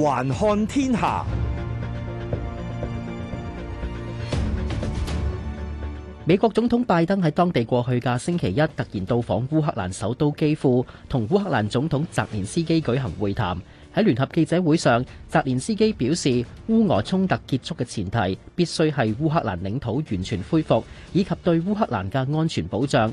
環看天下。美國總統拜登喺當地過去嘅星期一突然到訪烏克蘭首都基輔，同烏克蘭總統澤連斯基舉行會談。喺聯合記者會上，澤連斯基表示，烏俄衝突結束嘅前提必須係烏克蘭領土完全恢復，以及對烏克蘭嘅安全保障。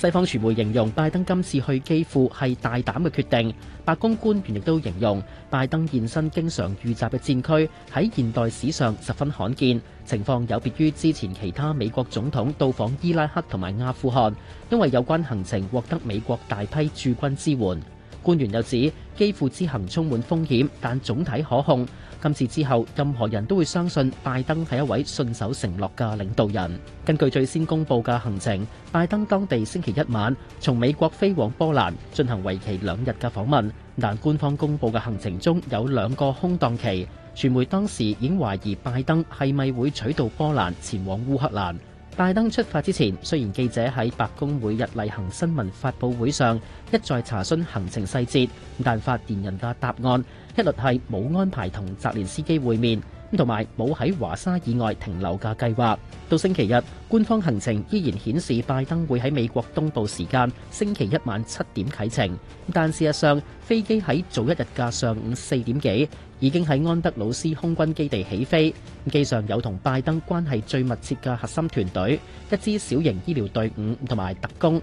西方傳媒形容拜登今次去基輔係大膽嘅決定，白宮官員亦都形容拜登現身經常遇襲嘅戰區喺現代史上十分罕見，情況有別於之前其他美國總統到訪伊拉克同埋阿富汗，因為有關行程獲得美國大批駐軍支援。官員又指，基輔之行充滿風險，但總體可控。今次之後，任何人都會相信拜登係一位信守承諾嘅領導人。根據最先公佈嘅行程，拜登當地星期一晚從美國飛往波蘭進行為期兩日嘅訪問。但官方公佈嘅行程中有兩個空檔期，傳媒當時已經懷疑拜登係咪會取道波蘭前往烏克蘭。拜登出發之前，雖然記者喺白宮每日例行新聞發佈會上一再查詢行程細節，但發言人嘅答案一律係冇安排同澤連斯基會面。咁同埋冇喺華沙以外停留嘅計劃。到星期日，官方行程依然顯示拜登會喺美國東部時間星期一晚七點啟程。但事實上，飛機喺早一日嘅上午四點幾已經喺安德魯斯空軍基地起飛。機上有同拜登關係最密切嘅核心團隊，一支小型醫療隊伍同埋特工。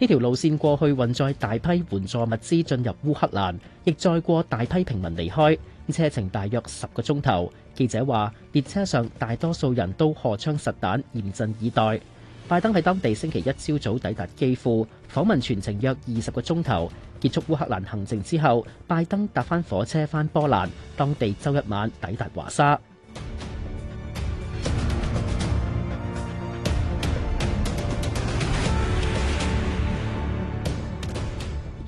呢條路線過去運載大批援助物資進入烏克蘭，亦載過大批平民離開，車程大約十個鐘頭。記者話，列車上大多數人都荷槍實彈，嚴陣以待。拜登喺當地星期一朝早抵達基輔，訪問全程約二十個鐘頭。結束烏克蘭行程之後，拜登搭翻火車翻波蘭，當地周一晚抵達華沙。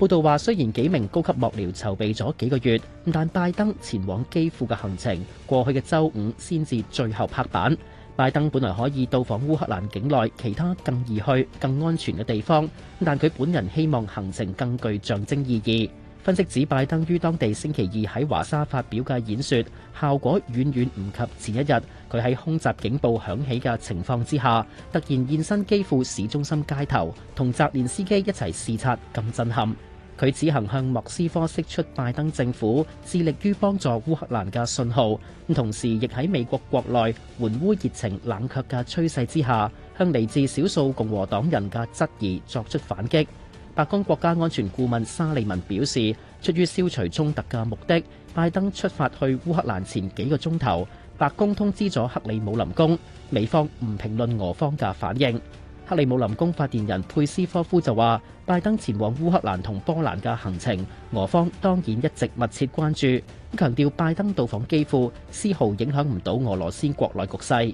報道話，雖然幾名高級幕僚籌備咗幾個月，但拜登前往基輔嘅行程，過去嘅周五先至最後拍板。拜登本來可以到訪烏克蘭境內其他更易去、更安全嘅地方，但佢本人希望行程更具象徵意義。分析指，拜登於當地星期二喺華沙發表嘅演說，效果遠遠唔及前一日佢喺空襲警報響起嘅情況之下，突然現身基輔市中心街頭，同澤連斯基一齊視察咁震撼。佢此行向莫斯科釋出拜登政府致力於幫助烏克蘭嘅信號，同時亦喺美國國內援烏熱情冷卻嘅趨勢之下，向嚟自少數共和黨人嘅質疑作出反擊。白宮國家安全顧問沙利文表示，出於消除衝突嘅目的，拜登出發去烏克蘭前幾個鐘頭，白宮通知咗克里姆林宮，美方唔評論俄方嘅反應。克里姆林宮發言人佩斯科夫就話，拜登前往烏克蘭同波蘭嘅行程，俄方當然一直密切關注。強調拜登到訪幾乎絲毫影響唔到俄羅斯國內局勢。